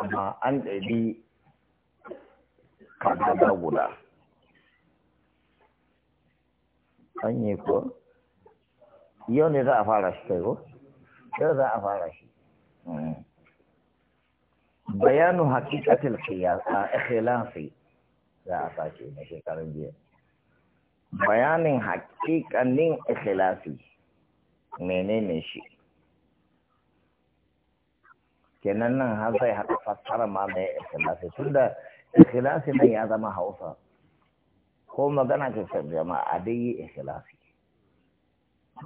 amma an ɗari kaga guda an yi ko yau ne za a fara shi kai ko yau za a fara shi hmm. bayanu haƙiƙatul ikhlasi za a sake na shekarun jiya bayanin haƙiƙanin ikhlasi menene shi kenan nan har sai haɗa fassara ma da ikhlasi tunda ikhlasi nan ya zama hausa ko magana ke san jama'a dai yi ikhlasi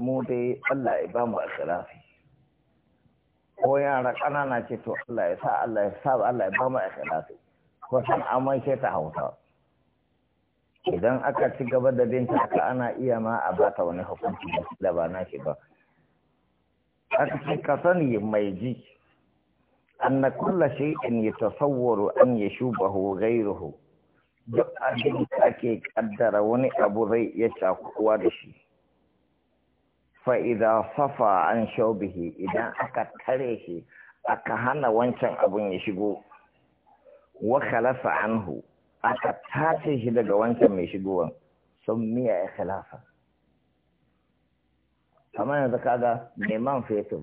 mu dai Allah ya ba mu ikhlasi ko yara ƙanana ce to Allah ya sa Allah ya sa Allah ya ba mu ikhlasi ko san amai ce ta hausa idan aka ci gaba da bin haka ana iya ma a ta wani hukunci da ba na shi ba aka ce ka sani mai ji أن كل شيء يتصور أن يشوبه غيره duk abin da ake kaddara wani abu zai iya shakuwa da shi fa'iza safa an shaubihi idan aka tare shi aka hana wancan abun ya shigo wa khalasa anhu aka tace shi daga wancan mai shigowan sun miya ya khalasa kamar yanzu kaga neman fetur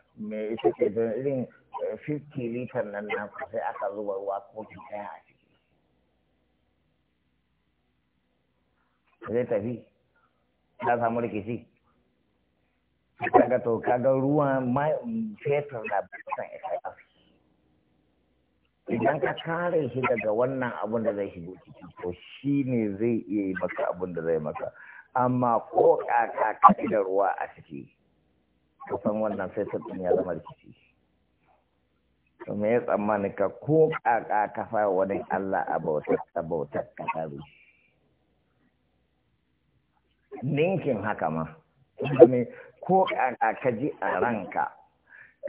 me ita ke da irin 50 eh, litar nan na sai aka zuba ruwa ko ki kaya a ciki zai tafi ta samu rikici kaga to kaga ruwa fetur na bukatar isa idan ka kare shi daga wannan abun da zai shigo ciki to shi ne zai iya yi maka abun da zai maka amma ko kaka kaɗi da ruwa a ciki kusan wannan sai ɗin ya zama rikici to me ya tsammani ka ko ƙaƙa ka fara wani Allah a bautar ka ninkin haka ma ko ƙaƙa ka ji a ranka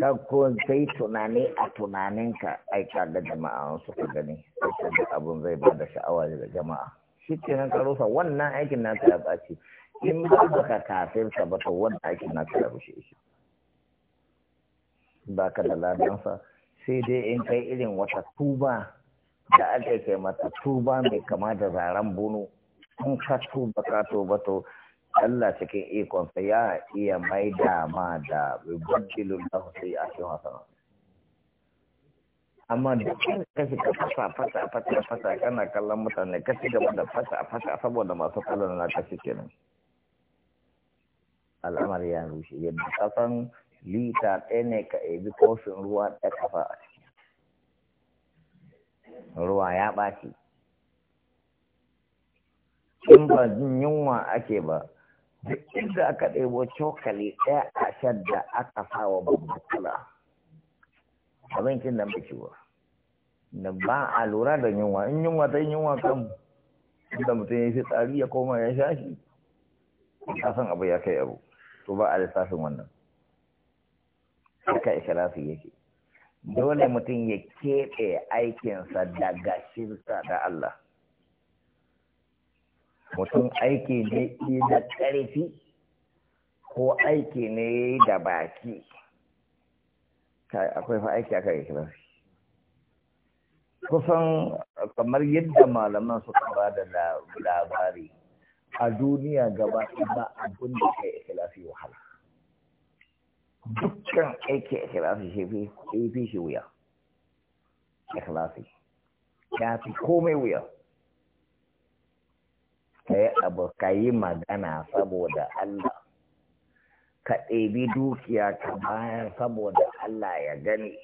ka ko zai tunani a tunaninka aika ka ga jama'a ka gani sai abun zai ba da sha'awa daga jama'a shi kenan ka wannan aikin nasa ya ɓaci in ba ka kafin sa ba to wanda ake na ka rushe shi ba ka da sa sai dai in kai irin wata tuba da ake kai mata tuba mai kama da zaran bunu in ka tuba ka ba to Allah cikin sa ya iya mai da ma da rubutulun da sai a cikin hasana amma da kashi ka fasa fasa fasa fasa kana kallon mutane ka gaba da fasa fasa saboda masu kallon na kashi kenan al'amari ya rushe yadda kasan lita ɗaya ne ka ebi kofin ruwa ɗaya kafa a ciki ruwa ya ɓaci in ba yunwa ake ba duk inda aka ɗebo cokali ɗaya a shadda aka fawa babu kula abincin da mace ba da ba a lura da yunwa in yunwa ta yunwa kan da mutum ya fi tsari ya koma ya sha shi kasan abu ya kai abu to ba a lissafin wannan haka ikirafi yake dole mutum ya keɓe aikinsa daga shirka da Allah mutum aiki ne da ƙarfi ko aiki ne da baki akwai fa aiki aka ikirafi kusan kamar yadda malaman suka ba da labari a duniya gaba ba abin da kai ikhlasi wahala dukkan aiki ikhlasi shi fi shi fi shi wuya ikhlasi ya fi komai wuya kai abu ka yi magana saboda Allah ka ɗebi dukiya ka bayan saboda Allah ya gani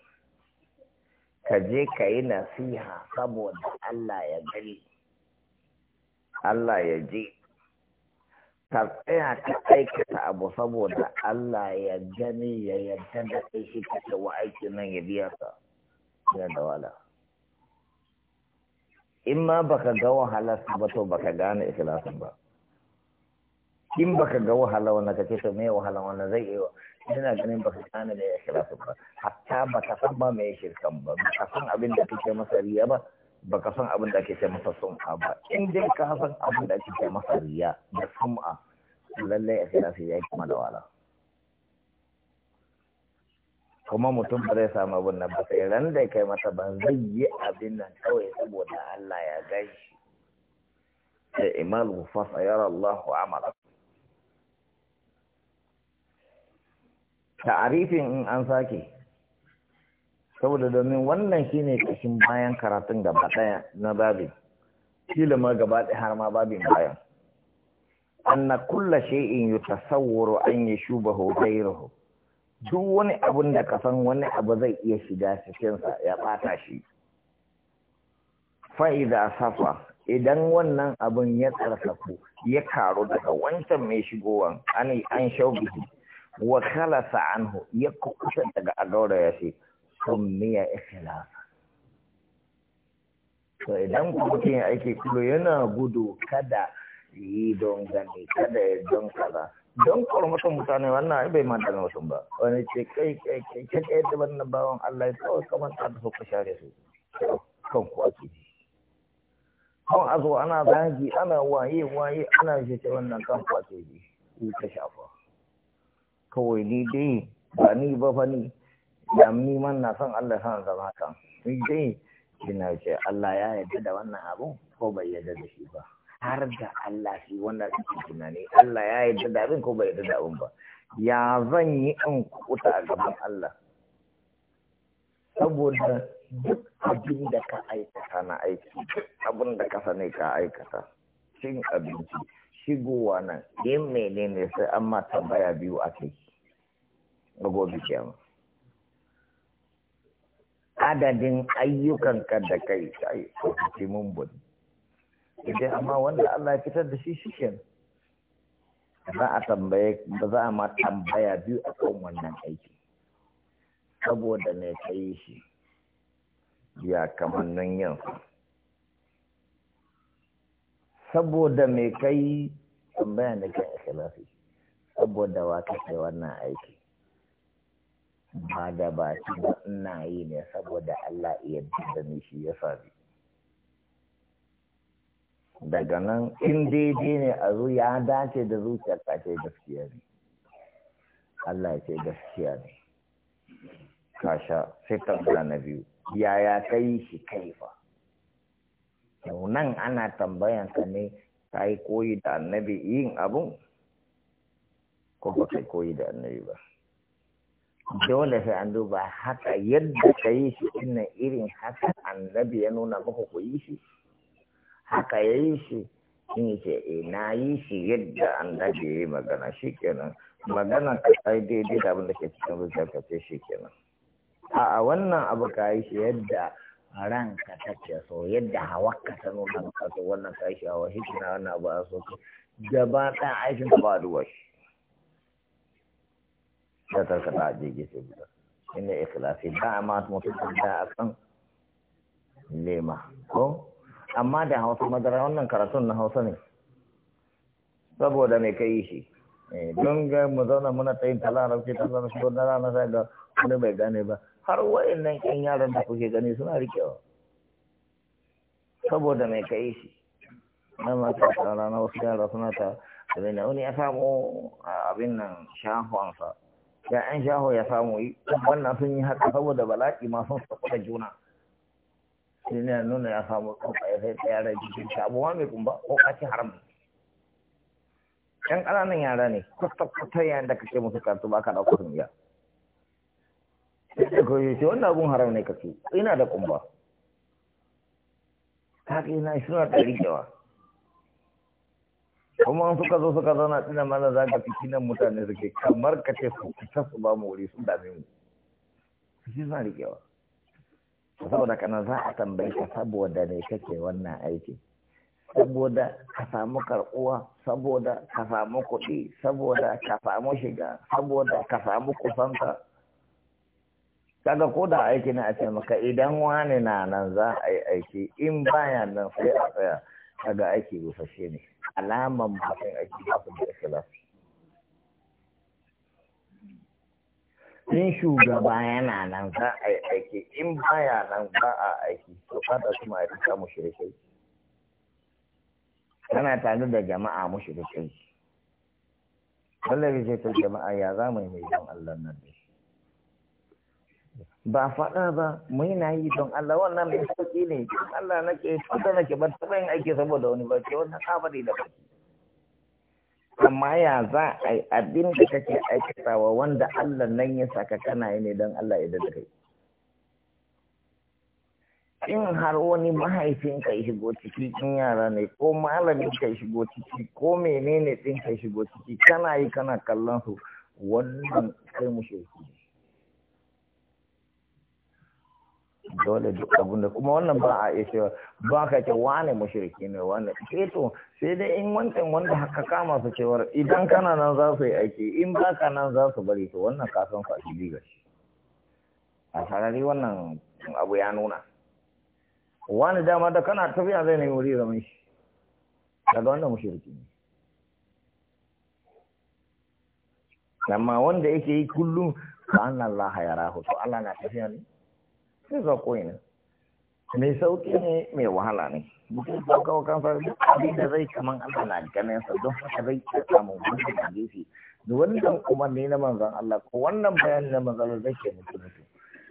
ka je ka yi nasiha saboda Allah ya gani Allah ya je. ka tsaya ka aikata abu saboda Allah ya gani ya yarda da kai shi kake wa aiki nan ya biya ka ya da wala in ma baka ga wahalar ba to baka gane ikhlasin ba in baka ga wahala wannan kace to me wahala wannan zai yi wa? ina ganin baka gane da ikhlasin ba hatta baka san ba me shirkan ba baka san abin da kake masa riya ba baka san abin da ake ce masa sum'a ba in dai ka san abin da ake ce masa riya da sum'a lallai a sai ya yi kuma wala kuma mutum ba zai samu abin nan ba sai ran da kai masa ba zai yi abin nan kawai saboda Allah ya gashi sai imal fasa sayara Allah amala ta'arifin in an sake saboda domin wannan shi ne kashin bayan karatun gaba daya na babi kila ma gaba daya har ma babin bayan anna kulla shay'in yutasawwaru an yashubahu ghayruhu duk wani abun da ka san wani abu zai iya shiga cikin sa ya bata shi fa idza safa idan wannan abun ya tsarkaku ya karu daga wancan mai shigowan an an shaubihi wa khalasa anhu ya kukuta daga agaura ya shi kan summiya ikhlas to idan mutum ya aiki kullum yana gudu kada yi don gani kada ya don kaza don mutum mutane wannan ai bai manta na mutum ba wani ce kai kai kai kai kai da wannan bawan Allah ya kawai kamar ta da ku share su kan ku ake ji kan azo ana zagi ana waye waye ana shi ta wannan kan ku ake ji ni ta shafa kawai ni dai ba ni ba fa ni da man na son Allah san zama kan ni dai kina ce Allah ya yarda da wannan abun ko bai yarda da shi ba har da Allah shi wannan kike tunani Allah ya yarda da abin ko bai yarda da abin ba ya zan yi in kuta a gaban Allah saboda duk abin da ka aikata na aiki abin da ka sani ka aikata cin abinci shigowa nan yin menene sai an ma tambaya biyu a kai gobe kenan adadin ayyukanka da kai kai lokaci mun bud idan amma wanda Allah ya fitar da shi shiken za a tambaye ba za a ma tambaya biyu a kan wannan aiki saboda ne ka yi shi ya kamar nan yansa saboda me kai tambaya ne kan ikhlasi saboda wa kake wannan aiki ba da baki ba ina yi ne saboda Allah iya da shi ya sabi. daga nan in daidai ne a zu ya dace da zuciyar ta ce gaskiya ne Allah ya ce gaskiya ne kasha sai tambaya na biyu yaya kai shi kaifa nan ana tambayan ka ne ka yi koyi da annabi yin abun ko ba kai koyi da annabi ba dole sai an duba haka yadda ka yi shi ina irin haka annabi ya nuna maka ku yi shi haka ya yi shi in yi ce e na yi shi yadda annabi ya yi magana shi kenan magana ka sai daidai da abin da ke cikin zuciyarka ce shi kenan a wannan abu ka yi shi yadda ranka ce so yadda hawakka ta nuna maka so wannan ka yi shi hawa shi kenan wannan abu a so gaba ɗaya aikin ka ba duwa shi ya tarkata a jirgin sai guda inda a dama mutum da a kan lema ko amma da hausa madara wannan karatun na hausa ne saboda mai kai shi eh, don ga mu zauna muna ta yin talar rauke ta zama shi na rana sai ga wani bai gane ba har wa'annan ƴan yaran da kuke gani suna rikewa saboda mai kai shi na ma ta rana wasu yara suna ta da wani ya samu abin nan shahuwansa Ya'yan an shaho ya samu yi wannan sun yi haka saboda bala'i ma sun sako da juna shi ne nuna ya samu kumfa ya sai ta yara jikin shi abuwa mai kumba ko kaci haram yan ƙananan yara ne kwata-kwata yayin da kake musu karatu ba ka ɗauka sun biya sai ko yi wannan abun haram ne kake ina da kumba haka ina suna da rigewa kuma suka zo suka zauna tsina mana za ka fiki nan mutane suke kamar ka ce su fita su ba mu wuri sun dame mu shi suna rikewa saboda kana za a tambayi ka saboda ne kake wannan aiki saboda ka samu karɓuwa saboda ka samu kuɗi saboda ka samu shiga saboda ka samu kusanta kaga ko da aiki na a ce maka idan wani na nan za a yi aiki in baya nan sai a tsaya kaga aiki rusashe ne alaman mutum ake abin da ikhlasi in shugaba yana nan za a yi aiki in baya nan ba a aiki to kada su mu mushrikai kana tare da jama'a mushrikai wallahi sai to jama'a ya zamu yi mai don Allah nan ne ba faɗa ba mai na yi don Allah wannan mai sauƙi ne Allah na nake tuta nake ke taɓa yin aiki saboda wani ba ce wannan kabari da baki amma ya za a yi abin da kake aikatawa wanda Allah nan ya saka kana yi ne don Allah ya da kai in har wani mahaifin ka shigo ciki in yara ne ko malamin ka shigo ciki ko menene din ka shigo ciki kana yi kana kallon su wannan kai mu ne dole duk abin da kuma wannan ba a iya ba ka ce wane mashirki ne wane sai eh to sai dai in wancan wanda haka kama su cewar idan kana nan za su yi aiki in ba ka nan za su bari to wannan kasan ku a fili shi a sarari wannan abu ya nuna wani dama da kana tafiya zai nemi wuri zaman shi daga wanda mashirki ne amma wanda yake yi kullum ka an Allah ya rahu to Allah na tafiya ne sai ko ina mai sauki ne mai wahala ne mutum ba kan kansa abin da zai kaman Allah na ganin sa don haka zai ke samun wani da gefe da wannan umarni na manzon Allah ko wannan bayani na manzon Allah zai ke mutu mutu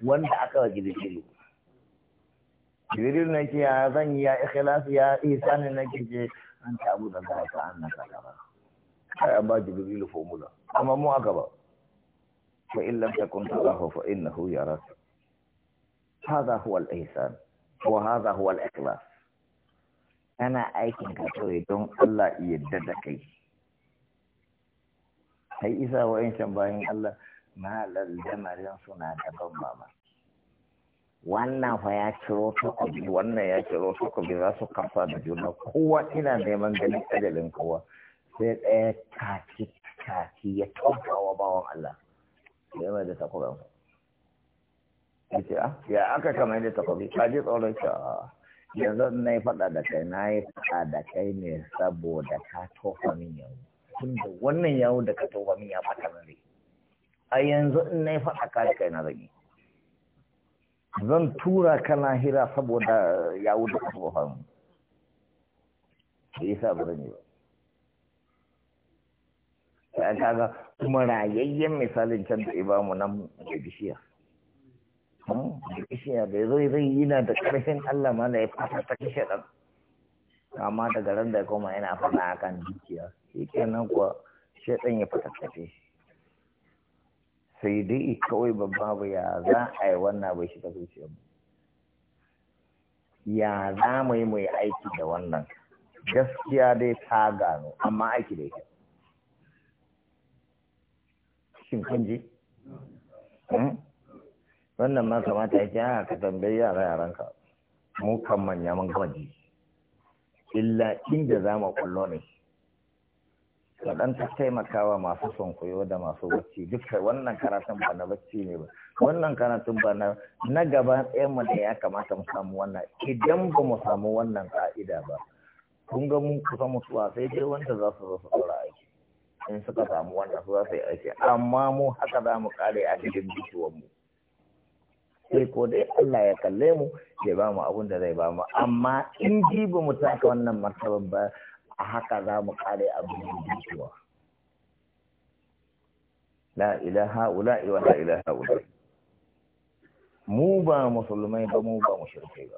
wanda aka wa jibrilu jibrilu na ke ya zan yi ya ikhlasi ya ihsanin na ke je an ta abu da za ta an na ba, kai ba jibrilu formula amma mu aka ba fa in lam takun tarahu fa innahu yaraka هذا هو الإحسان وهذا هو الإخلاص أنا أيكن كتوي دون الله يددكي هاي إذا وإن شبهين الله ما للجمال سنة تضمم wannan fa ya ciro wannan ya ciro takobi za su kafa da juna kowa ina neman ganin ajalin kowa sai ɗaya kaki ya tabbawa bawan Allah sai mai ya ce ah, ya aka kama da takobi ka ji tsoron a ah, yanzu na yi faɗa da kai na yi faɗa da kai ne saboda ka tofa min yau tun da wannan yau da ka tofa min ya ɓata min a yanzu in na yi faɗa ka kai na zagi zan tura ka hira saboda yau da ka tofa min shi yasa ba zan yi kaga kuma rayayyen misalin can da ibamu nan da bishiya da kishiya zo zai yi yana da ƙarfin Allah ma da ya fata ta kishe ɗan amma daga ran da ya koma yana a kan dukiya shi kenan kuwa shaidan ya fatattafe sai dai kawai babu ya za a yi wannan bai shiga zuciyar mu ya za mu yi mu yi aiki da wannan gaskiya dai ta gano amma aiki da ita shin kun ji? wannan ma kamata yake haka ah, ka tambayi yara yaranka mu kan manya mun gama ji illa inda za mu kullo ne ka dan ta taimakawa masu son koyo da masu bacci duka wannan karatun ba na bacci ne ba wannan karatun ba na gaba ɗayan mu ne ya kamata mu samu wannan idan ba mu samu wannan ka'ida ba kun ga mun kusa mutuwa sai dai wanda za su zo su aiki in suka samu wannan su za su yi aiki amma mu haka za mu kare a cikin bituwan mu sai ko dai Allah ya kalle mu ya ba mu abin da zai ba mu amma in ji ba mu taka wannan martaba ba a haka za mu kare abin da zuwa la ilaha ula wa la ilaha ula mu ba musulmai ba mu ba mushrikai ba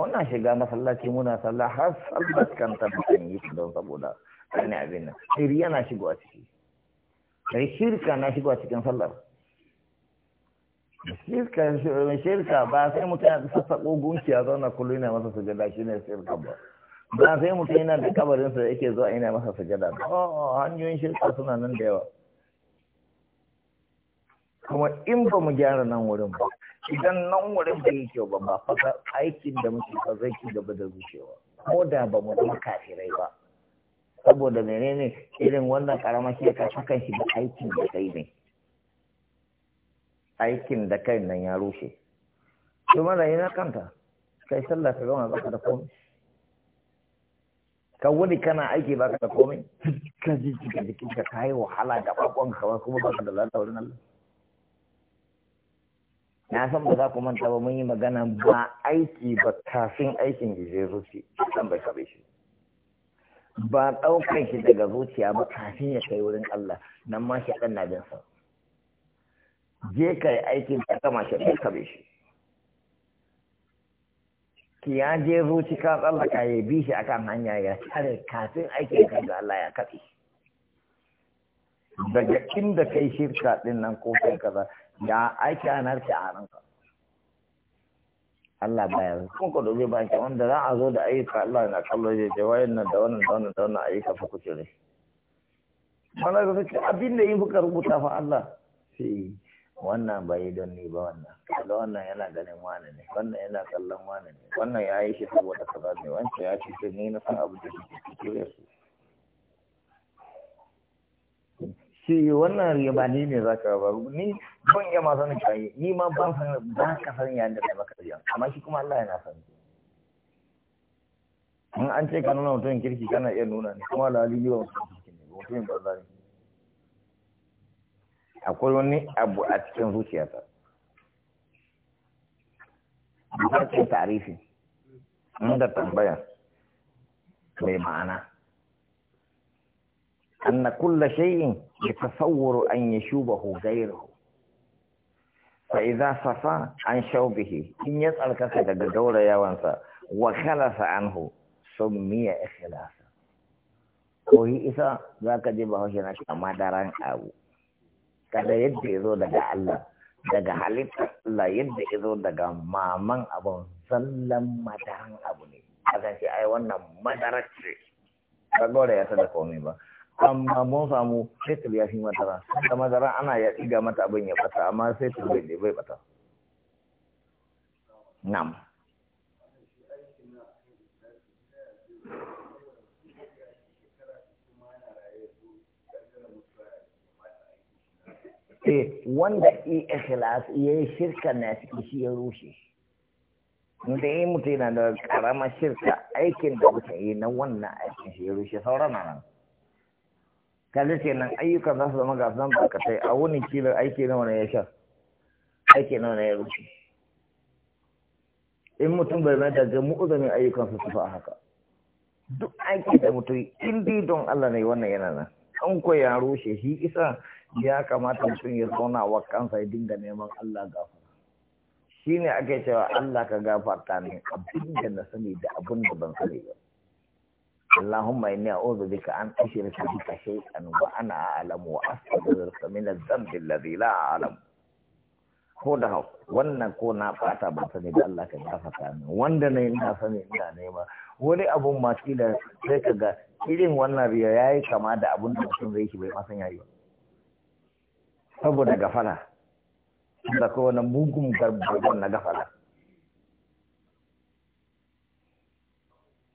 wannan shiga masallaci muna sallah har sallar kanta mutum yi don saboda wani abin nan shirya na shigo a ciki sai shirka na shigo a cikin sallar shirka shirka ba sai mutum ya sassaƙo gunki ya zauna kullum yana masa sujada shi ne shirka ba ba sai mutum yana da kabarinsa da yake zuwa yana masa sujada oh hanyoyin shirka suna nan da yawa kuma in ba mu gyara nan wurin ba idan nan wurin bai yi kyau ba ba fasa aikin da muke ba zai ci gaba da rushewa ko da ba mu zama kafirai ba saboda menene irin wannan karamar shirka sukan shi ba aikin da kai ne aikin da kai nan ya rushe kuma da yana kanta kai sallah ka gama baka da komai ka wuri kana aiki baka da komai ka ji ka jikin ka kai wahala da bakon ka kuma baka da lalata wurin Allah na san ba za ku manta ba mun yi magana ba aiki ba kafin aikin ya zuci san bai kabe shi ba ɗaukan shi daga zuciya ba kafin ya kai wurin Allah nan ma shi ɗan na bin sa je ka yi aikin ka kama shi ka kabe shi ki ya je zuci ka tsallaka ya bi shi akan hanya ya tsare kafin aikin ka ga Allah ya kabe daga inda kai shirka din nan ko kai kaza ya aiki anarki a ranka Allah baya kun ko dobe ba ki wanda za a zo da ayyuka Allah na kallo je je wayan nan da wannan da wannan da wannan ayyuka fa kuce ne wannan ga abin da yin fuka rubuta fa Allah sai wannan bai don ni ba wannan kalla wannan yana ganin wani ne wannan yana kallon wani ne wannan ya yi shi saboda kaza ne wancan ya ce ni na san abu da shi cikin su shi wannan riba ni ne zaka ba ni ban iya ma sanin kai ni ma ban san ba ka san ya da kai maka riya amma shi kuma Allah yana san in an ce ka nuna mutum kirki kana iya nuna ne kuma lalili ba mutum kirki ne mutum ba zai akwai wani abu a cikin zuciyarsa bukatar tarifi inda tambayar mai ma'ana أن كل شيء يتصور أن يشوبه غيره فإذا صفى عن شوبه إن يسألك كذا جورا يا وانسى وخلف عنه سمي إخلاصا وهي إذا ذاك جبهه شنك ما دران أبو kada yadda ya zo daga Allah daga halittar Allah yadda ya zo daga maman abun sallan madaran abu ne kasance ai wannan madarace, ba gore ya da komai ba amma mun samu sai ta biya shi madara da madara ana ya ga mata abin ya bata amma sai ta bai bai bata Nam. eh wanda i ya yayi shirka na ciki shi ya rushe Inda yi mutu yana da karamar shirka aikin da wuce yi na wannan aikin shi ya rushe sauran na nan kaji ce nan ayyukan za su zama ga zan bakatai a wani kilo aiki na wani ya sha aiki na wani ya rushe in mutum bai mai daga mu'uzanin ayyukan su tufa haka duk aiki da mutum in bi don Allah ne wannan yana nan an ko ya rushe shi isa ya kamata mutum ya zauna wa kansa ya dinga neman Allah gafara shi ne ake cewa Allah ka gafarta ne abin da na sani da abin da ban sani ba Allahumma inni a'udhu bika an ashrika bika shay'an wa ana a'lamu wa astaghfiruka min adh-dhanbi alladhi la a'lamu ko da hau wannan ko na fata ba sani da Allah ka gafarta ne wanda ne ina sani ina nema wani abun ma kila sai ka ga irin wannan riya yayi kama da abun da mutum zai shi bai masan yayi ba saboda gafara da wani mugun garbagon na gafala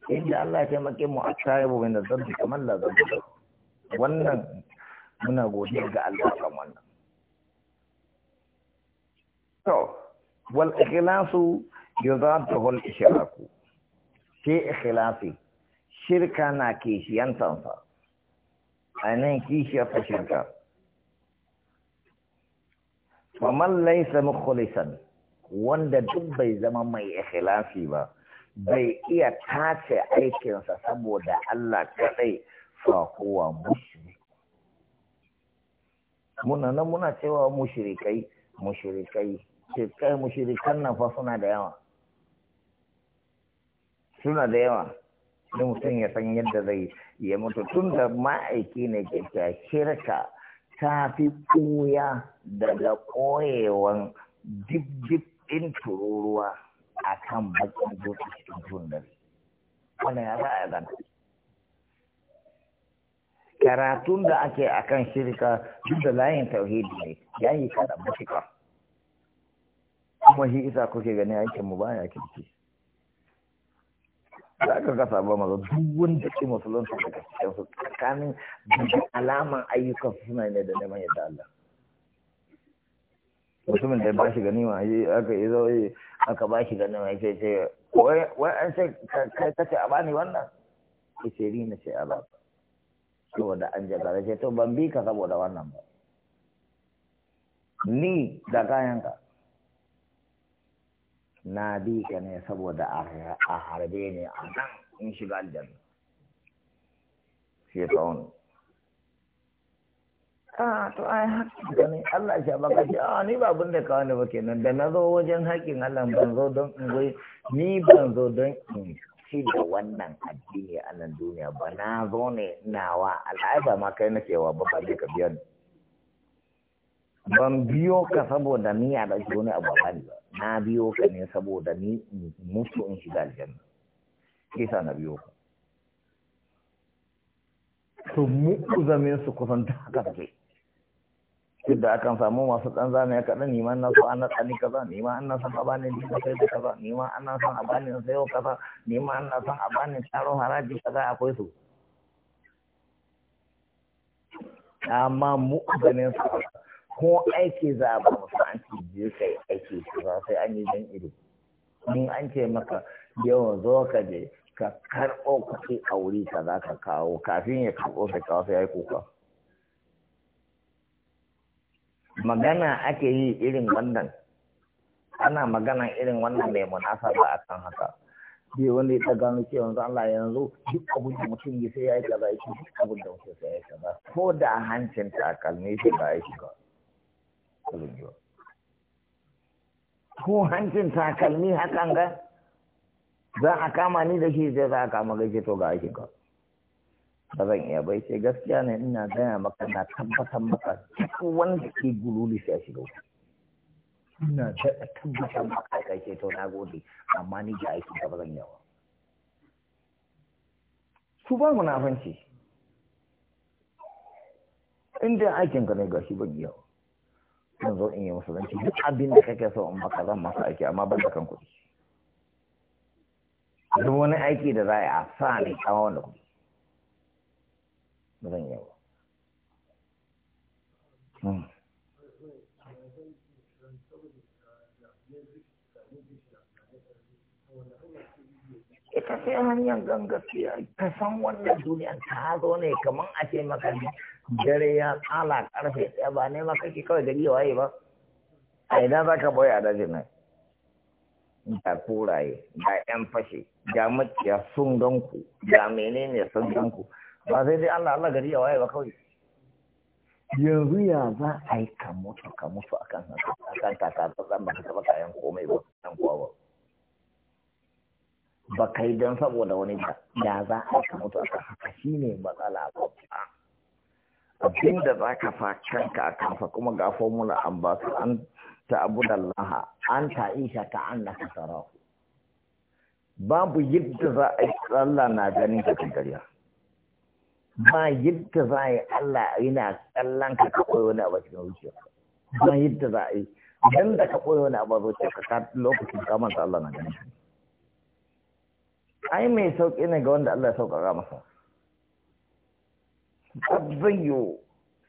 inda Allah ya taimake mu a tsayabu mai da zarfi kamar da zarfi wannan muna godiya ga Allah kan wannan to wal ikhlasu yudhatuhu al ishraku shi ikhlasi shirka na kishiyantansa a nan kishiyar ta shirka wa laisa mukhulisan wanda duk bai zama mai ikhlasi ba bai iya tace aikinsa saboda Allah kadai fa huwa mushrik muna nan muna cewa mushrikai mushrikai ce kai mushrikan nan fa suna da yawa suna da yawa sai mutum ya san yadda zai ya mutu tun da ma'aiki ne ke shirka ta fi daga ƙoyewan jibjib ɗin tururuwa a kan bakin tun cikin Wannan ya za a Karatun da ake a kan shirka duk da layin tauhidi ne, ya yi kaɗan matuƙa. Kuma shi isa kuke gani aikinmu baya kirki. za ka kasa ba maza duk wanda ke musulunta da gaskiyar su tsakanin daga alaman ayyukan suna ne da neman yadda Allah mutumin da ba shi ganima aka yi zo aka ba shi ganima ya ce ce wai an ce kai kace a bani wannan ya ce ni na ce a ba saboda an jagara ce to ban bi ka saboda wannan ba ni da kayanka na bi ka ne saboda a harbe ne a nan in shiga aljanna sai wani a to ai haƙƙin ka ne Allah ya baka shi a ni ba abin da ne ba kenan da na zo wajen haƙƙin Allah ban zo don in goyi ni ban zo don in ci da wannan addini a nan duniya ba na zo ne nawa Allah ba ma kai nake wa ba ba ka biya ban biyo ka saboda niyya da wani abu ba na biyo ka ne saboda ni mutu in shiga aljanna sa na biyo ka to mu'uzamin su kusan ta haka take duk da akan samu masu ɗan zane ya kaɗan neman na so ana tsani kaza neman an son a bani ni sai da kaza neman an son a bani yau kaza neman an son a bani tsaron haraji kaza akwai su amma mu'uzamin su ko aiki za a ba musu an ce je kai aiki za sai an yi dan ido in an ce maka yawan zo ka je ka karɓo kuɗi a wuri ka za ka kawo kafin ya karɓo sai kawo sai ya yi kuka magana ake yi irin wannan ana magana irin wannan mai munasaba a kan haka bai wanda ya gano cewa yanzu Allah yanzu duk abin da mutum ya sai ya yi kaza ya ce duk abin da mutum sai ya yi kaza ko da hancin takalmi shi ba ya shiga azumi ba hancin takalmi hakan ga za a kama ni da shi sai za a kama gaishe to ga aikin ka ba zan iya bai sai gaskiya ne ina gaya maka na tabbatar maka duk wanda ke guruli shi a shiga wuta ina da tabbatar maka gaishe to na gode amma ni ga aiki ka ba zan yawa su ba munafanci inda aikin ka ne gashi ban yawa zan zo in yi musulunci duk abin da kake so in baka zan masa aiki amma ban da kan kuɗi duk wani aiki da za a sa ne kama wanda kuɗi zan yi hmm. ita sai hanyar gangaskiya ka san wannan duniya ta zo ne kamar a ce maka dare ya tsala karfe ɗaya ba ne ma kake kawai gari waye ba a ina za ka boye a dajin nan ga kuraye ga yan fashe ga maciya sun ganku ga menene sun ganku ba sai dai Allah Allah gari ya waye ba kawai yanzu ya za a yi ka mutu ka mutu akan kaka takatsatsan ba ka taɓa kayan komai ba kan kuwa ba ba kai don saboda wani ba ya za a yi ka mutu akan haka ne matsala ba abin da za ka fa kanka a kanfa kuma ga formula an ba su an laha an ta'isha ka na kasara babu yadda za a yi tsalla na ganin ka gariya ba yadda za a yi Allah yana kallon ka ka koyo wani abu cikin wuce ba yadda za a yi idan da ka koyo wani abu wuce ka ka lokacin ka manta Allah na ganin ka ai mai sauƙi ne ga wanda Allah ya sauƙaƙa masa Abzayyo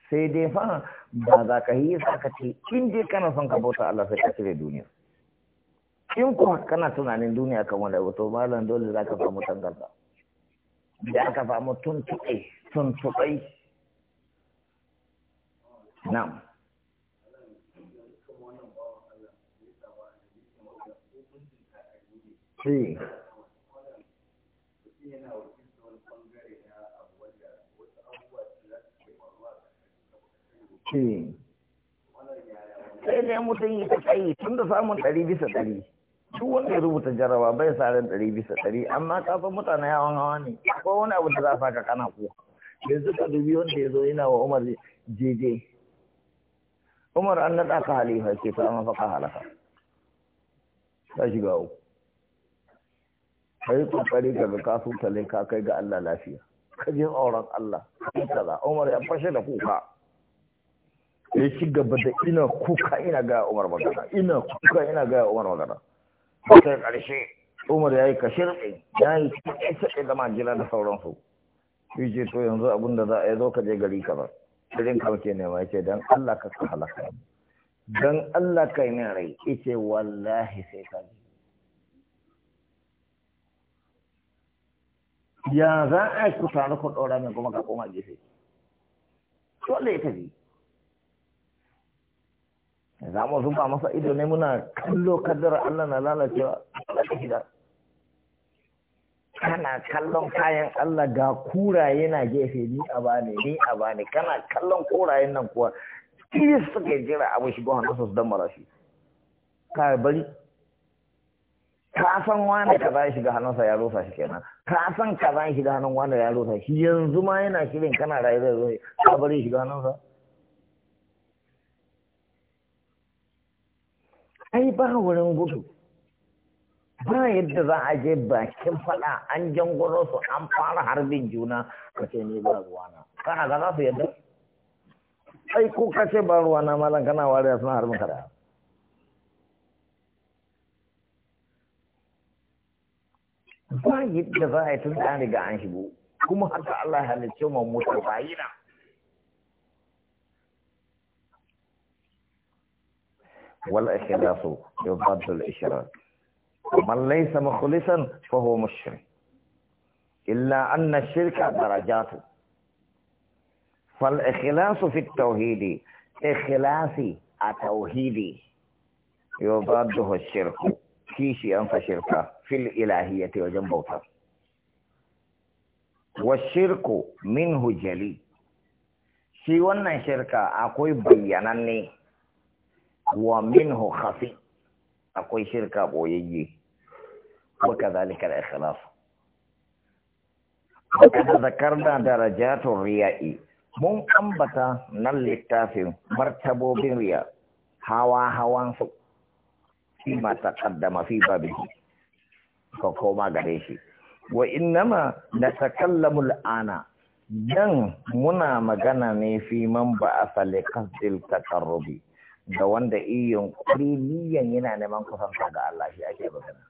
sai dai fa ba za ka yi za ka ce in dai kana son ka bauta Allah sai ka cire duniya in kuma kana tunanin duniya kan wani abu to malam dole za ka samu tangarda da aka samu tuntuɓe tuntuɓai na'am Sí. sai dai mutum yi ta kai tun da samun ɗari bisa ɗari duk wanda ya rubuta jarraba bai sa ran ɗari bisa ɗari amma ka san mutane yawan hawa ne akwai wani abu da za a ka kana kuwa yanzu ka dubi wanda ya zo yana wa umar jeje umar an naɗa ka halifa ce ta amma faka halaka ta shiga uku ka yi kokari ka ga ka sutale ka kai ga Allah lafiya ka je auren Allah kaza umar ya fashe da kuka ya ci gaba da ina kuka ina ga Umar magana ina kuka ina ga Umar magana sai karshe Umar yayi kashir din yayi sai da majina da sauransu shi ce to yanzu abin da za a yi zo ka je gari ka ba irin ka ke nema ya ce don Allah ka ka halaka don Allah ka yi min rai ce wallahi sai ka ji ya za a yi kusa na ku ɗora min kuma ka koma gefe dole ya tafi za mu zuba masa ido ne muna kallo kaddara Allah na lalacewa shiga kana kallon kayan Allah ga kura yana gefe ni a bani ni a bani kana kallon korayen nan kuwa kiris suke jira abu shigo gohan su dan mara shi ka bari ka san wani ka za shiga hannunsa ya rusa shi kenan ka san ka za shiga hannun wani ya rusa shi yanzu ma yana shirin kana zai ka bari shiga hannunsa ai ba wurin gudu ba yadda za a je bakin faɗa an jangoro su an fara harbin juna ka ce ne ba na kana ga za su yadda ai ko ka ce ba na, malam kana ware wariya suna harbin kada ba yadda za a yi tun da an riga an shigo kuma haka Allah halicce mu mutu bayina والإخلاص يضاد الإشراك ومن ليس مخلصا فهو مشرك إلا أن الشرك درجات فالإخلاص في التوحيد إخلاصي التوحيد يضاده الشرك في شيء شركة في الإلهية وجنبوتا والشرك منه جلي شيء wannan شركة أقوي bayyananne wa minhu khafi akwai shirka boyayye wa kadhalika al-ikhlas wa kada zakarna darajatu riya'i mun ambata nan littafin martabobin riya hawa hawan su fi ma taqaddama fi babihi ko koma gare shi wa innama natakallamu al-ana dan muna magana ne fi man ba asali qasdil takarrubi da wanda iyon kuri niyan yana neman kusanta ga Allah shi ake magana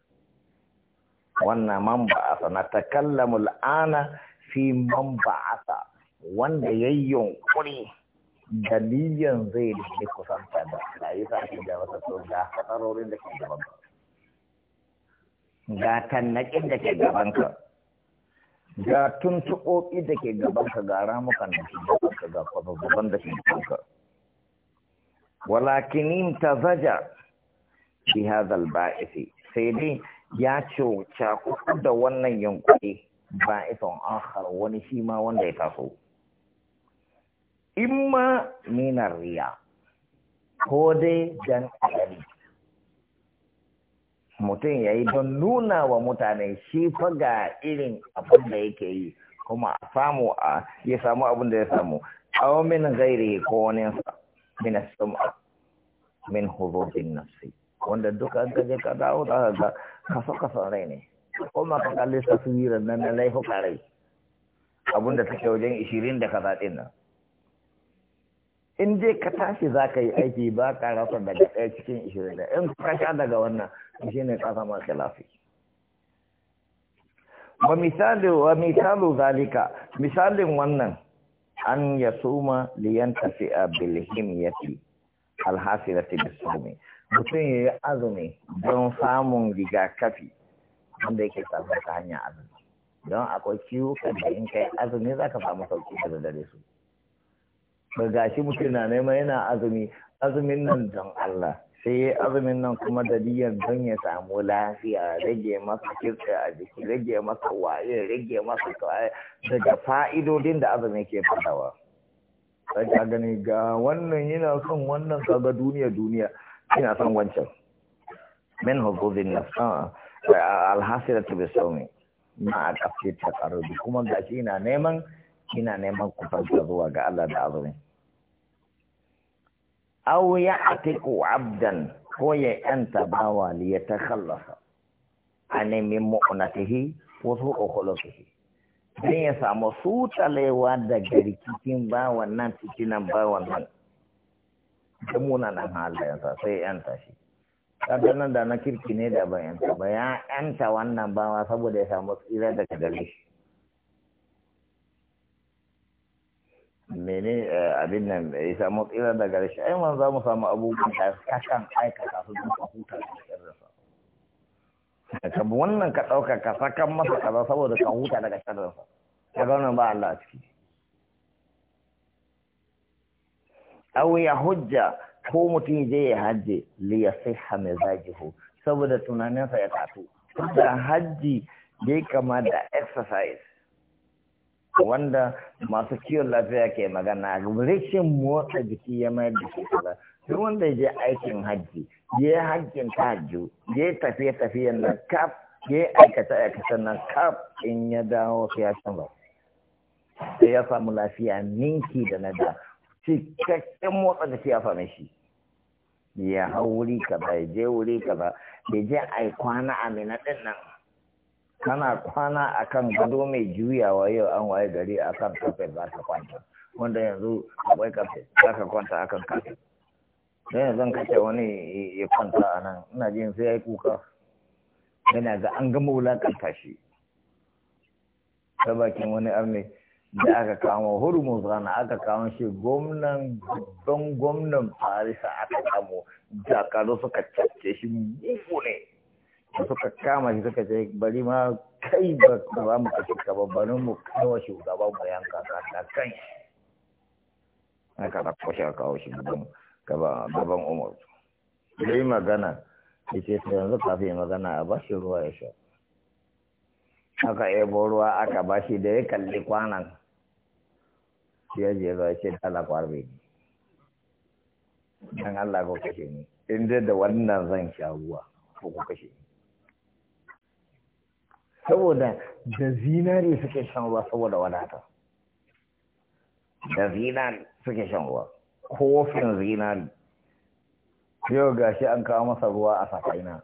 wannan man ba'asa na takallamu al'ana fi man ba'asa wanda yayyon kuri dalilin zai da kusanta da Allah yi sa da wata so ga hatsarorin da ke gaban ka ga tannakin da ke gaban ka ga tuntuɓoɓi da ke gaban ka ga ramukan da ke gaban ka ga kwazazzaban da ke gaban ka walakinin ta zaja fi hadal ba'isi sai dai ya ce cakuku da wannan yankuri ba'isan akhar wani shi ma wanda ya taso In ma minar riya ko dai dan alani mutum ya yi don nuna wa mutane shi fa irin abin da yake yi kuma a samu a ya samu abin da ya samu a min gairi ko min as min hududin nafsi wanda duk an kaje ka dawo da ga kaso kaso rai ne kuma ka kalli taswirar nan na laifuka abun da take wajen 20 da kaza din nan in dai ka tashi za ka yi aiki ba ka rasa daga ɗaya cikin ishirin in ka sha daga wannan shi ne ƙasa ma khilafi wa misalu wa misalu zalika misalin wannan an ya suma liyan tafi a bilhim yati alhasilati bisumi mutum ya yi azumi don samun rigakafi wanda yake samun ta hanyar azumi don akwai ciwukan da in kai azumi za ka samu sauki da dare su ba gashi mutum na neman yana azumi azumin nan don Allah sai ya azumin nan kuma da niyyar don ya samu lafiya rage masa kirka a jiki rage masa waye rage masa kawai daga fa'idodin da azumin ke fadawa sai ka gani ga wannan yana son wannan kaga duniya duniya yana son wancan min hukuzin nafs alhasiratu bisawmi ma a kafce kuma gashi ina neman ina neman kufarta zuwa ga Allah da azumin aw atiku 'abdan ko ya yanta bawa li yatakhallasa an min mu'natihi wa su'u khuluqihi sai ya samu sutalewa daga rikicin bawan nan fitinan bawan nan da munanan halayensa sai yanta shi kaga nan da na kirki ne da ban yanta ba ya yanta wannan bawa saboda ya samu tsira daga gare mene eh, abin nan ya samu tsira daga rashi ai man za mu samu abubuwan da kakan aikata su don ka huta da ka wannan ka ɗauka ka sakan masa kaza saboda ka huta daga sharrinsa ka nan ba Allah a ciki aw ya hujja ko mutum je ya hajje li yasiha mazajihu saboda tunaninsa ya tatu haji hajji dai kama da exercise wanda masu kiwon lafiya ke magana rashin motsa jiki ya mayar da shi kaza duk wanda ya je aikin hajji ya yi hajjin hajju ya yi tafiye-tafiyen nan kaf ya yi aikata aikata nan kaf in ya dawo ya canza sai ya samu lafiya ninki da na da cikakken motsa jiki ya same shi ya hau wuri kaza ya je wuri kaza ya je a kwana a minadin nan kana kwana akan gado mai juyawa yau an waye gari akan kafin za ka kwanta wanda yanzu akwai kafin za ka kwanta akan kafet don yanzu an kashe wani ya kwanta a nan ina jin sai ya yi kuka yana ga an gama wulakanta shi ta bakin wani arne da aka kama hurmuz rana aka kama shi gwamnan babban gwamnan farisa aka kamo jakaro suka cacce shi mugu ne da suka kama shi suka ce bari ma kai ba za mu kashe ka ba bari mu kawo shugaban mu yanka ka da kan shi aka ɗauko shi aka kawo shi gaban umar ya yi magana ya ce sai yanzu kafin magana a bashi ruwa ya sha aka ebo ruwa aka bashi da ya kalli kwanan shi ya je ya ce tala kwarbe dan Allah ko kashe ni in da wannan zan sha ruwa ko ko kashe ni saboda da zinari suke shan ruwa saboda wadata da zinari suke shan ruwa kofin zinari yau ga shi an kawo masa ruwa a safaina.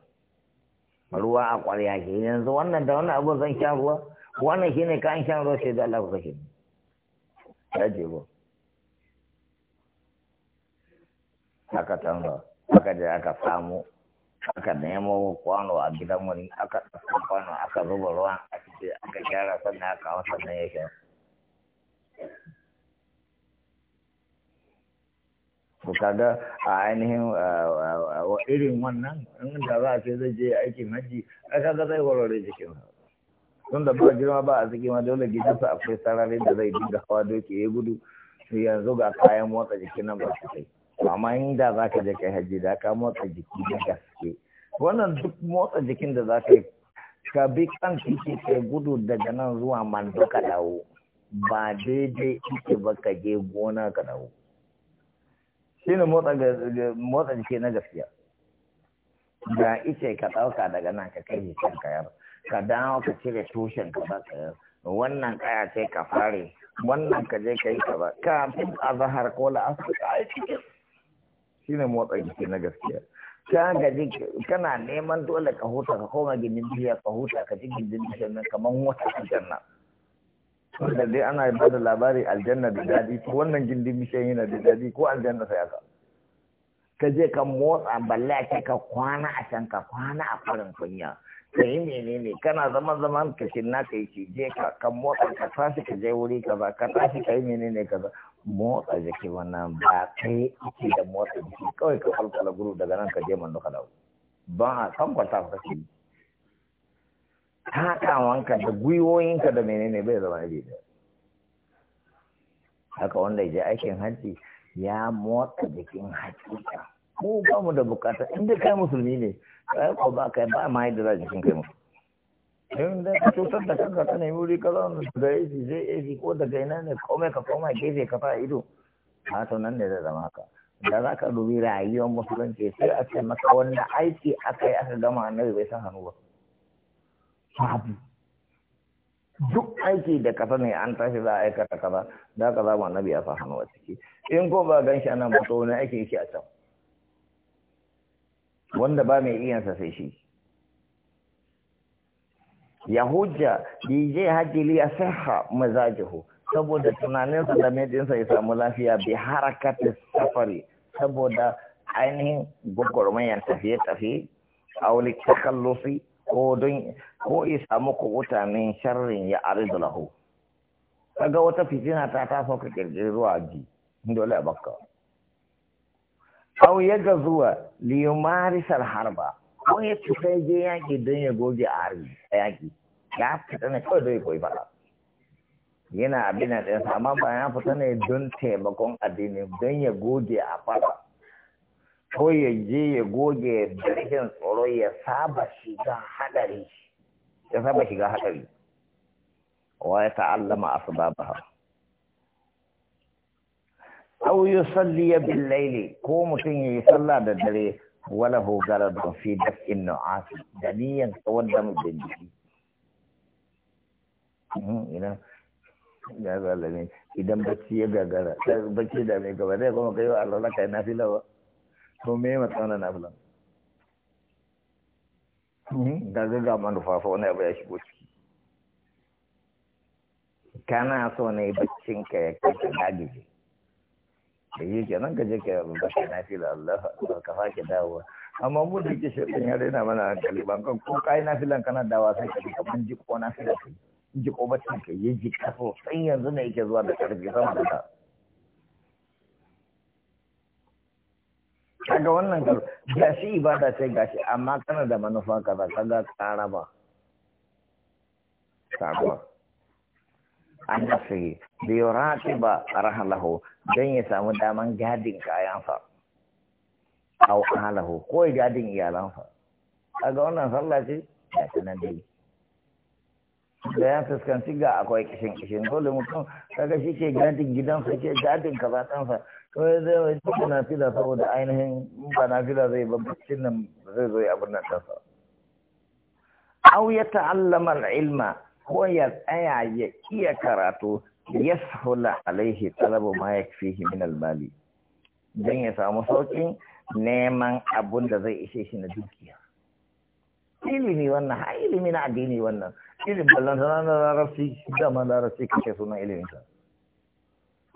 ruwa a kwarya ke yanzu wannan da wannan abu zan sha ruwa wannan shine ka an shan ruwa sai da Allah ku kashe ya je ruwa aka canza haka je aka samu aka nemo kwano a gidan wani aka ɗauko kwano aka zuba ruwan a ciki aka gyara sannan aka hau sannan ya shi ku kaga a ainihin wa irin wannan inda za a ce zai je aikin hajji a kaga zai warware jikinsa tun da ba girma ba a ciki ma dole gidansa akwai sararin da zai dinga hawa doki ya gudu yanzu ga kayan motsa jikin nan ba su kai amma in da za ka je kai hajji da ka motsa jiki da gaske wannan duk motsa jikin da za ka yi ka bi kan ke kai gudu daga nan zuwa mando ka dawo ba daidai ike ba ka je gona ka dawo shi ne motsa jiki na gaskiya da ice ka ɗauka daga nan ka kai jikin kayar ka dawo ka cire tushen ka ba kayar wannan kaya ce ka fare wannan ka je ka yi ka ba kafin a zahar ko la'asar ka yi shine motsa jiki na gaskiya ka gaji kana neman dole ka huta ka koma gindin jiya ka huta ka ji gindin bishiyar nan kamar wata aljanna wanda dai ana ba da labari aljanna da dadi ko wannan gindin bishiyar yana da dadi ko aljanna sai aka ka je ka motsa balle a ka kwana a can ka kwana a farin kunya Ka yi menene kana zama zaman ka na ka yi je ka motsa ka tashi ka je wuri ka ba. ka tashi ka yi menene ba? motsa jiki wannan ba kai ake da motsa jiki kawai ka kwalkwala guru daga nan ka je mandu dawo. ba a kan kwata ka ke takawanka da gwiwoyinka da menene bai zama ne da haka wanda ya je aikin hajji ya motsa jikin hakika mu ba mu da bukata inda kai musulmi ne kai ko ba kai ba ma yadda za jikin kai musulmi don da ka cutar da kanka ka nemi wuri ka zauna daga AC zai yi ko daga ina ne komai ka koma gefe ka fa ido a to nan ne da zama haka da za ka dubi rayuwar musulunci sai a ce maka wanda aiki aka yi aka gama annabi bai san hannu ba Sabu duk aiki da ka ne an tashi za a aikata kaza da ka zama annabi a san hannu a ciki in ko ba gan shi anan ba wani aiki yake a can wanda ba mai iyansa sai shi ya hujja dj haji li yasihha mazajihu, saboda tunaninsa da medinsa ya samu lafiya bi harakati safari saboda ainihin gwagwarmayan tafiye-tafiye a wani takallufi ko don ko ya samu kubuta min sharrin ya arzu lahu kaga wata fitina ta taso ka kirkiri zuwa ji dole a bakka ga zuwa liyumarisar harba Kawai ya fita ya je yaƙi don ya goge a harbi a yaƙi ya fita ne kawai don ya koyi faɗa yana abin da ɗansa amma ba ya fita ne don taimakon addini don ya goge a faɗa ko ya je ya goge da tsoro ya saba shiga haɗari ya saba shiga haɗari wa ya ta'allama asbabaha ko mutum yayi sallah da dare wala gara don fi daf'in nu'as da niyan kawar da mutum jiki mhm, ina ya zalame idan bacci ya gagara bacci da mai gaba zai kuma kai wa Allah kai na fila ba to me ma tsana na fila da mhm, ga manufa fa wani abu ya shigo ciki kana so ne baccin ka ya kai ka dagije yi kenan ka je ka baka na fi da Allah ka fake dawowa amma mu da yake shirin ya daina mana hankali ban kan ko kai na filan kana dawa sai ka ka ban ko na fila kai ko ba ta kai yi jika sosai yanzu ne yake zuwa da karfi sama da ta kaga wannan kar gashi ibada ga gashi amma kana da manufa kaza kaga tsara ba an nafsihi da a ratiba rahalahu don ya samu daman gadin kayansa au ahalahu ko ya gadin iyalansa kaga wannan sallah ce ya ta nan dai da ya fuskanci ga akwai kishin kishin dole mutum kaga shi ke gadin gidansa ke gadin kaza ko to ya zai wa cikin na fila saboda ainihin ba na fila zai babbacin nan zai zo ya abin nan kansa. au ya ta'allama ilma ko ya tsaya ya iya karatu ya sahula alaihi talabu ma ya fi min albali don ya samu sauƙin neman abun da zai ishe shi na dukiya ilimi wannan ha ilimi na addini wannan ilimin ballon sana na larabci dama larabci kake suna ilimin ka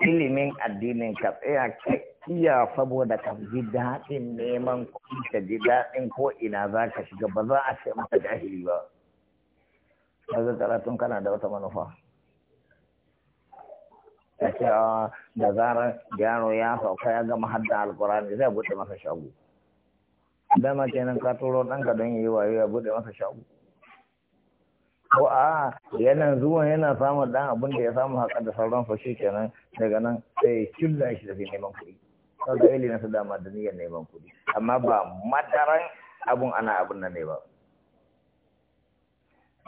ilimin addinin ka tsaya ka iya saboda ka ji daɗin neman kuɗi ka ji daɗin ko ina za ka shiga ba za a ce maka jahili ba Wajen karatun kana da wata manufa Ya ce ah, da zarar yaro ya sauka ya gama hadda alkurani zai buɗe masa shago dama kenan ka turo ɗanka don yi wayo ya buɗe masa shago ko a ah, yana zuwa yana samun ɗan abin da ya samu haka da sauran fashi kenan daga nan sai killa shi da neman kuɗi kaga na su dama da niyyar neman kuɗi amma ba madaran abun ana abun nan ne ba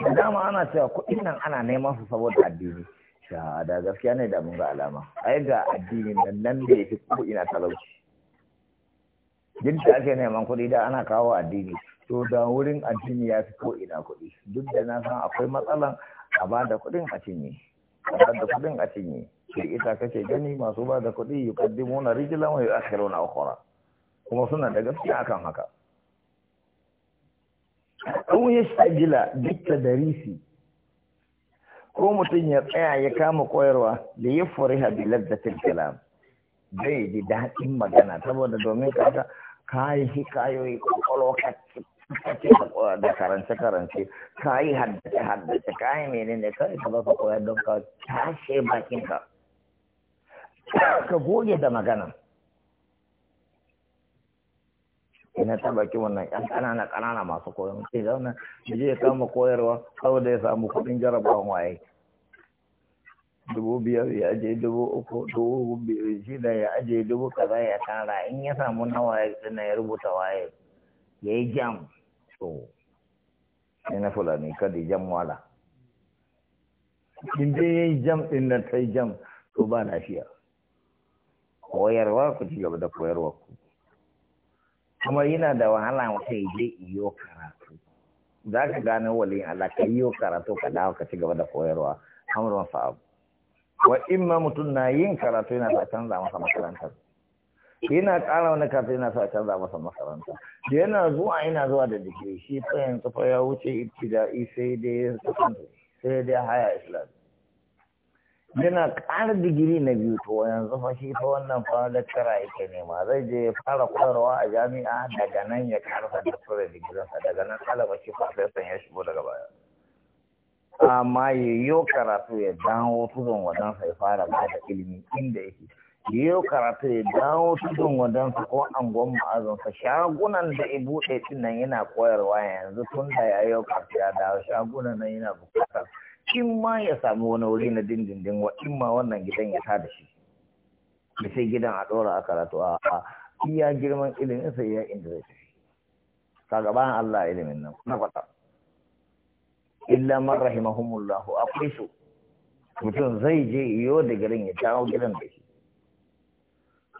da dama ana cewa kuɗin nan ana neman su saboda addini da gaskiya ne da mun ga alama ai ga addini, nan nan da yake ko ina talauci da ake neman kuɗi da ana kawo addini to da wurin addini ya fi ko'ina kuɗi duk da na san akwai matsalan a ba da kuɗin a cinye a ba da kuɗin a cinye sai ita kake gani masu ba da kuɗi yuqaddimuna rijila wa yu'akhiruna ukhra kuma suna da gaskiya akan haka au ya shagila duk da darisi ko mutum ya tsaya ya kama koyarwa da ya furiha bi ladzatil kalam zai ji daɗin magana saboda domin kaga kayi hikayoyi kwakwalwa da karance karance kayi haddace haddace kayi menene kai ka baka koyar don ka tashe bakinka ka goge da magana ina ta baki wannan yan kanana kanana masu koyon sai da wannan je ya kama koyarwa da ya samu kuɗin jarabawan waye dubu biyar ya aje dubu uku dubu biyar da ya aje dubu kaza ya tara in ya samu na waye na ya rubuta waye ya yi jam so ne na fulani kada jam wala in dai ya yi jam in na ta yi jam to ba lafiya koyarwa ku ci gaba da koyarwa ku kamar yana da wahala wata ya je iyo karatu za ka gane waliyin Allah ka iyo karatu ka dawo ka ci gaba da koyarwa hamar masa abu wa in ma mutum na yin karatu yana sa canza masa makarantar yana ƙara wani karatu yana sa canza masa makaranta da yana zuwa yana zuwa da digiri shi tsayin tsufa ya wuce ibtida'i sai dai sai dai haya islam yana ƙara digiri na biyu to yanzu fa shi fa wannan fa lecturer yake nema zai je fara koyarwa a jami'a daga nan ya karfa doctorate digirin sa daga nan talaba shi san ya shigo daga baya amma yayyo karatu ya dawo tudun wajen sa ya fara ba da ilimi inda yake yayyo karatu ya dawo tudun wajen sa ko angon ma'azin sa shagunan da ya buɗe tunan yana koyarwa yanzu tun da yayyo karatu ya dawo shagunan nan yana bukatar in ma ya samu wani wuri na dindindin wa in ma wannan gidan ya tada shi da sai gidan a ɗora a karatu a a iya girman ilimin sai ya inda zai tafi kaga bayan Allah ilimin nan na kwata illa man rahimahumullah akwai su mutum zai je iyo da garin ya dawo gidan da shi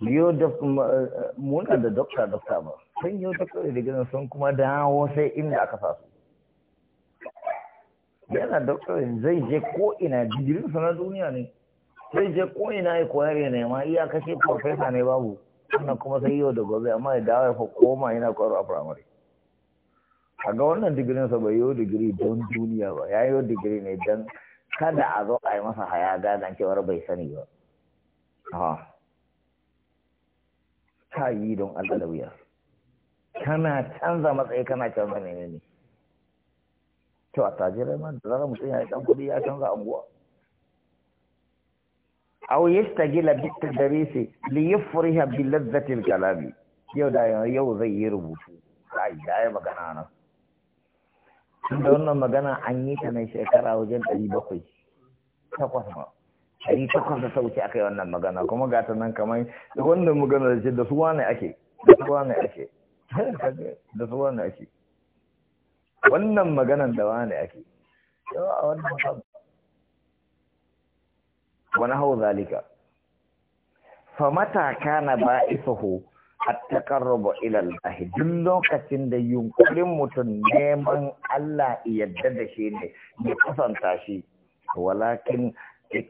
biyo da eh, muna da dokta dokta ba sun yi kawai da gidan sun kuma dawo sai inda aka sa su yana doktorin zai je ko ina digirin na duniya ne zai je ko ina ya koyar ya nema iya kashe farfesa ne babu wannan kuma sai yau da gobe amma ya dawo ya fa koma yana koyarwa a firamare a ga wannan digirin sa bai yi digiri don duniya ba ya yi digiri ne don kada a zo a yi masa haya gagan cewar bai sani ba ta yi don alalawiyar kana canza matsayi kana canza menene ne cewa tajirai ma da zarar mutum ya yi ɗan kuɗi ya canza anguwa aw yastagila bit tadrisi li yafriha bi ladzati al yau da yau zai yi rubutu ai da magana nan da wannan magana an yi ta mai shekara wajen 700 takwas ma ɗari takwas da sauki aka yi wannan magana kuma ga ta nan kamar wannan magana da su da suwa ne ake da suwa ne ake da suwa ne ake wannan maganan da wani ake wani hau zalika mata kana ba isahu a takarraba ahi duk lokacin da yunkurin mutum neman Allah yadda da shi ne ya kusanta shi walakin eh,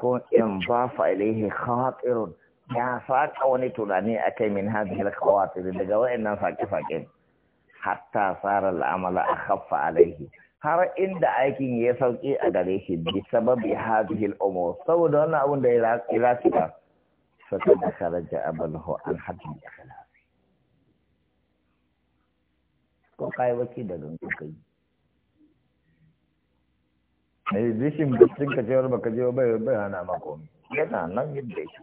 ko in ba fa ilaihi khatirun ya saƙa wani tunani akai min hadhihi al-khawatir daga wayannan sake-sake hatta tsara al'amala a khaffa alaihi har inda aikin ya sauke a gare shi bi sababi hadhihi al saboda wannan abun da ya rasu ba saka da kharaja abalhu an ya kala ko kai waki da gangan kai ai rishin bisin ka cewar baka je bai bai hana ma yana nan yadda shi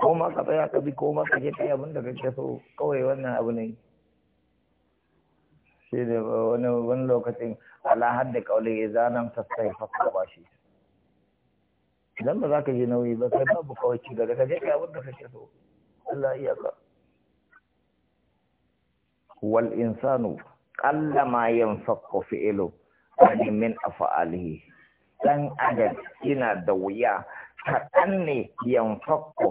ko ma ka tsaya ka bi ko ma ka je kai abin da kake so kawai wannan abu ne shi ne wani wani lokacin alahar da kaule ya zanen fasa ba shi idan ba za ka ji nauyi ba sai babu kawai ci daga ka abin da kake so Allah iya ka wal insanu qalla ma yanfaqu fi'lu min af'alihi dan adam yana da wuya kaɗan ne fi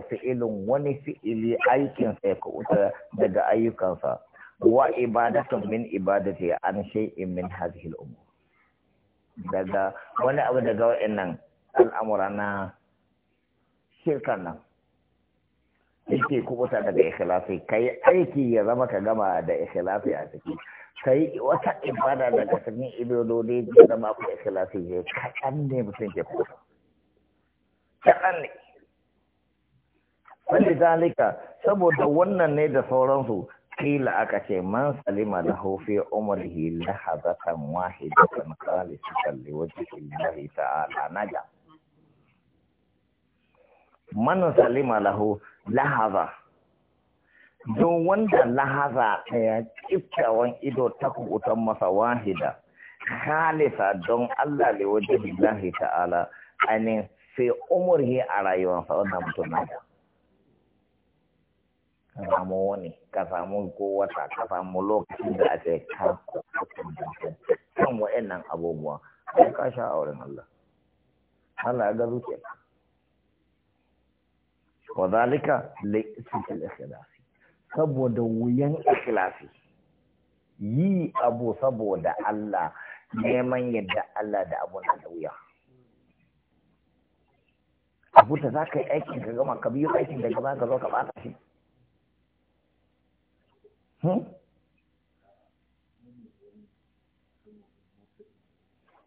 fi'ilin wani fi'ili aikinsa ya kuɓuta daga ayyukansa wa ibadatun min ibadati an shay'in min hadhihi al-umur daga wani abu daga wa'annan al'amura na shirkan nan yake kubuta daga ikhlasi kai aiki ya zama ka gama da ikhlasi a ciki kai wata ibada daga cikin ibadodi ya zama ku ikhlasi ne kaɗan ne mutum ke kusa kaɗan ne wani zalika saboda wannan ne da sauransu kila aka ce man salima da lahu fi umrihi lahadatan wahidatan khalisatan liwajhi Allah ta'ala naja man salima da lahu lahaza don wanda lahaza ɗaya kiftawan ido ta kubutan masa wahida khalisa don Allah liwajhi Allah ta'ala ainihin fi umrihi a rayuwarsa wannan mutum na naja samu wani ka samu ko wata ka samu lokacin da ake ka kan wa'annan abubuwa ai ka sha auren Allah Allah ya ga zuciya wa zalika li isil ikhlas saboda wuyan ikhlasi yi abu saboda Allah neman yadda Allah da abu na da wuya abu da za ka yi aikin ka gama ka biyo aikin da gaba ka zo ka bata shi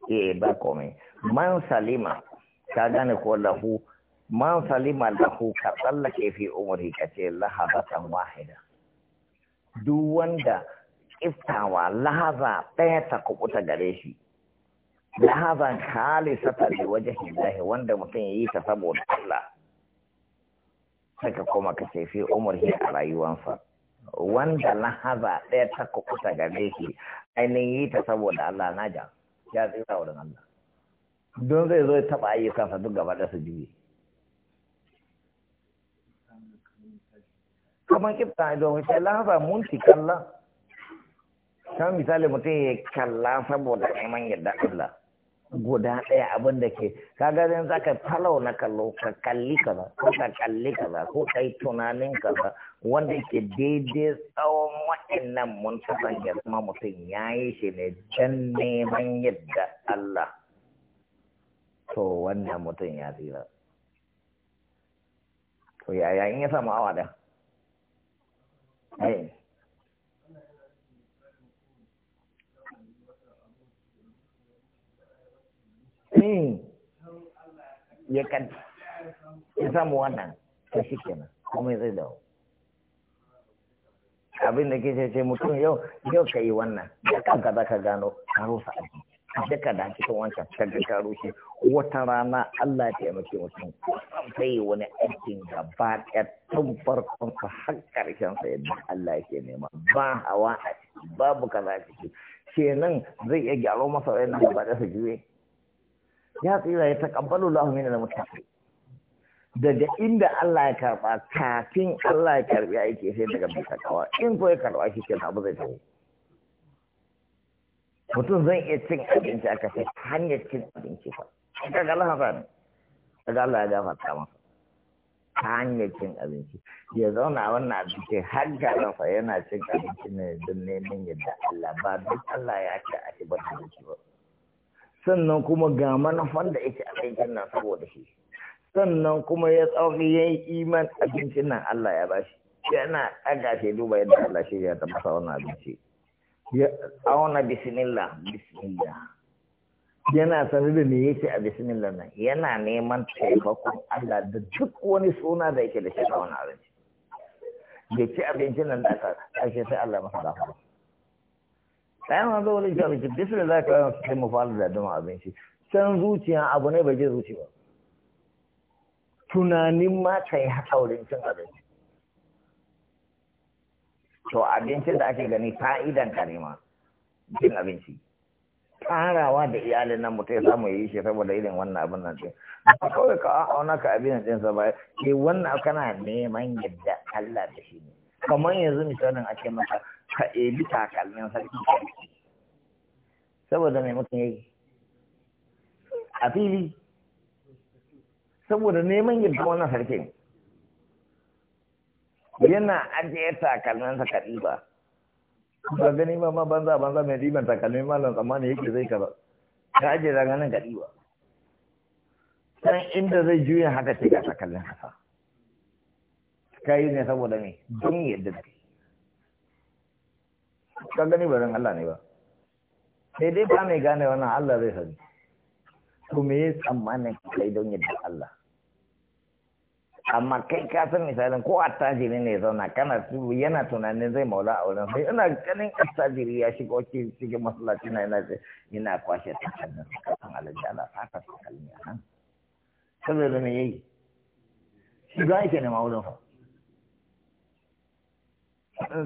eh ba kome man salima ka gane ko lahu man salima lahu ka tsallake fi umri ka ce lahabatan wahida duk wanda iftawa lahaza ɗaya ta kubuta gare shi lahazan sata ne wajen Allah wanda mutum ya yi ta saboda Allah saka kuma ka ce fi umri a rayuwansa wanda lahaza ɗaya ta kukuta gare shi ainihin yi ta saboda Allah na ja ya tsira wurin Allah don zai zo ya taɓa ayyukansa duk gaba da su juye kamar kifta don wace lahaza mun ci kalla kan misali mutum ya kalla saboda neman yadda Allah guda ɗaya abin da ke kaga zan ka falau na kallo ka kalli kaza ko ka kalli kaza ko kai tunanin kaza wanda ke daidai tsawon waɗannan mun ya kuma mutum ya yi shi ne can neman yadda Allah to wannan mutum ya tsira to yaya in ya samu awa da ne ya kan ya samu wannan ta shi kenan komai zai dawo abin da ke ce mutum yau yau ka yi wannan da kanka za ka gano ka rusa aiki duka da cikin wancan ga karo shi. wata rana Allah ya taimake mutum sai yi wani aikin ba ta tun farkon ka har karshen sa yadda Allah yake nema ba hawa a ciki babu kaza ciki kenan zai iya gyaro masa wayannan ba da su juye ya tsira ya taqabbalu Allahu minal muttaqin daga inda Allah ya karba kafin Allah ya karbi aiki sai daga bisa kawa in ko ya karba shi kenan abu zai tafi mutum zan iya cin abinci aka ce hanyar cin abinci fa k'a Allah fa daga Allah ya gafarta masa ta hanyar cin abinci ya zauna wannan abinci har garinsa yana cin abinci ne don neman yadda Allah ba duk Allah ya ce a ci ba abinci ba sannan kuma ga manufan da yake abincin nan saboda shi sannan kuma ya tsauri ya yi iman abincin nan Allah ya bashi yana ɗaga shi duba yadda Allah shi ya tafasa wannan abinci ya auna bismillah bisimila. yana sanar da me yake a bismillah nan yana neman taimakon Allah da duk wani suna da yake da shi a wannan abinci Ya ci abincin nan da aka sai Allah masa gafara kayan wanzu wani wani abinci duk da za ka yi sai mu fara da dama abinci can zuciya abu ne bai je zuci ba tunanin ma ta yi haka wurin cin abinci to abincin da ake gani fa'idan ka ne cin abinci karawa da iyalin nan mutum ya samu yi shi saboda irin wannan abin nan ɗin ba kawai ka auna ka abin nan sa ba ke eh, wannan kana neman yadda Allah da shi ne kamar yanzu misalin ake maka ka ebi takalmin sarki saboda mai mutum ya a fili saboda neman yadda wannan sarki yana ajiye takalmin sa kaɗi ba ba gani ba ma banza banza mai riban takalmin malam tsammani yake zai kaza ka ajiye daga nan kaɗi ba san inda zai juya haka ce ga takalmin haka ka yi ne saboda mai don yadda da ka gani ba Allah ne ba sai dai ba mai gane wannan Allah zai sani to me ya tsammanin kai don yadda Allah amma kai ka san misalin ko attajiri ne zauna kana yana tunanin zai maula a wurin sai ina ganin attajiri ya shiga ke cikin masallaci na yana yana kwashe takardun sakatan alaji ala saka kalmi a nan saboda me yayi shiga yake ne ma wurin fa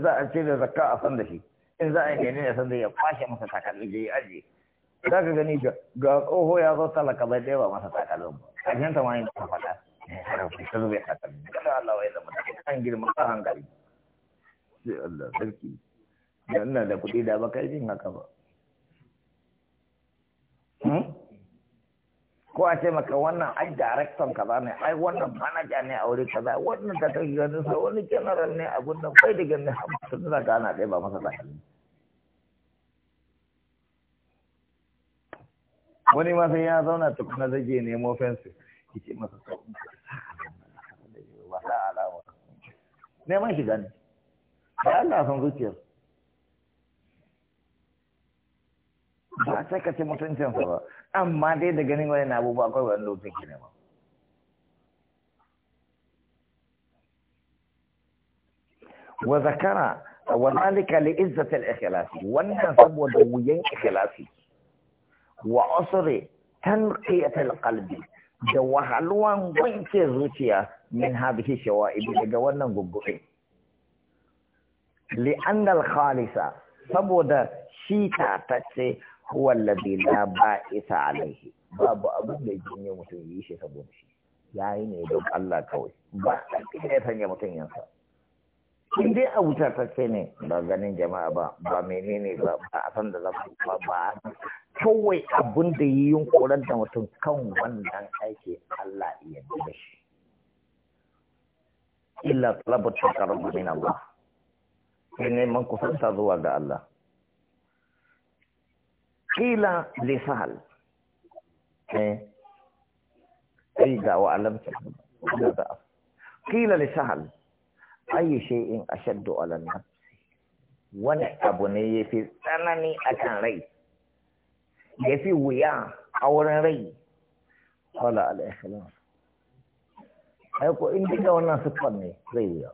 za a ce da zakka a san da shi in za a yi ne san zai ya kwashe masa takalmi da ya aje za ka gani ga ƙoho ya zo talaka bai ɗaya ba masa takalmin ba ƙarshen ta ma yin ta faɗa ta zuba takalmi kada Allah ya zama kan girma ta hankali sai Allah sarki da ina da kuɗi da ba kai jin haka ba ko a ce maka wannan ai director kaza ne ai wannan manager ne a wuri kaza wannan da take ganin sa wani general ne a gundun kai da ganin hamsin da gana dai ba masa tsakani wani ma sai ya zauna tukuna zai je nemo fensi ki ce masa sauƙin neman shiga ne ya Allah san zuciyar ba a ce ka ce mutuncinsa ba amma dai da ganin wani na abubuwa akwai wani lokacin ke nema wa zakara wa zalika li izzatil ikhlas wannan saboda wuyan ikhlasi wa usri tanqiyatil qalbi da wahaluwan wanke zuciya min hadhihi shawa'ib daga wannan gugguɗe li anna al khalisa saboda shi ta tace huwa na ba isa alaihi babu abin da yake yin mutum yi shi saboda shi Ya yi ne don Allah kawai ba shi ya sanya mutum yansa in dai a wuta ta ce ne ba ganin jama'a ba ba menene ba ba a san da za ba ba kawai abin da yi yunkurar da mutum kan wannan aiki Allah iya da shi illa talabar ta karabu min Allah sai neman kusanta zuwa ga Allah قيل لفعل إيه؟ أي دعوة علمت قيل لسهل أي شيء أشد على النفس وانا أبني في ثناني أكن ري يفي ويا أورا ري قال على إخلاص أيكو إن بيجا وانا سفني ري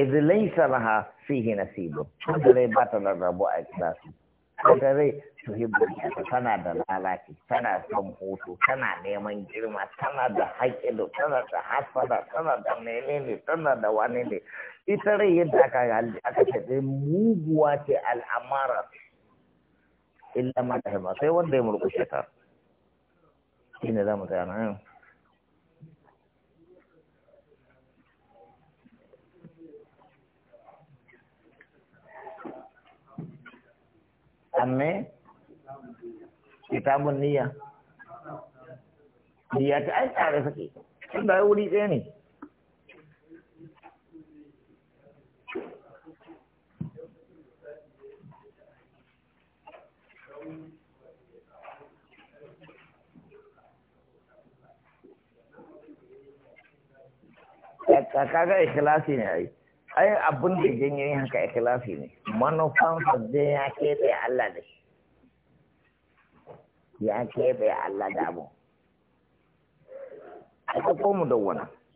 إذ ليس لها فيه نسيب هذا لي باتل الربو أكباسي kaga zai tuhibbu tana da lalaci tana son hoto tana neman girma tana da da tana da hasada tana da ne tana da wani ne ita rai yadda aka aka ce muguwa ce al'amara illa ma ta sai wanda ya murƙushe ta za zamu tsaya yau Amme? kita niyya. dia ta ai tare Sudah Sun da wuri Kaga ikhlasi ai abin da janyo yin haka ikhlasi ne manufan da ya keɓe Allah da shi ya keɓe Allah da abu a ko mu da wannan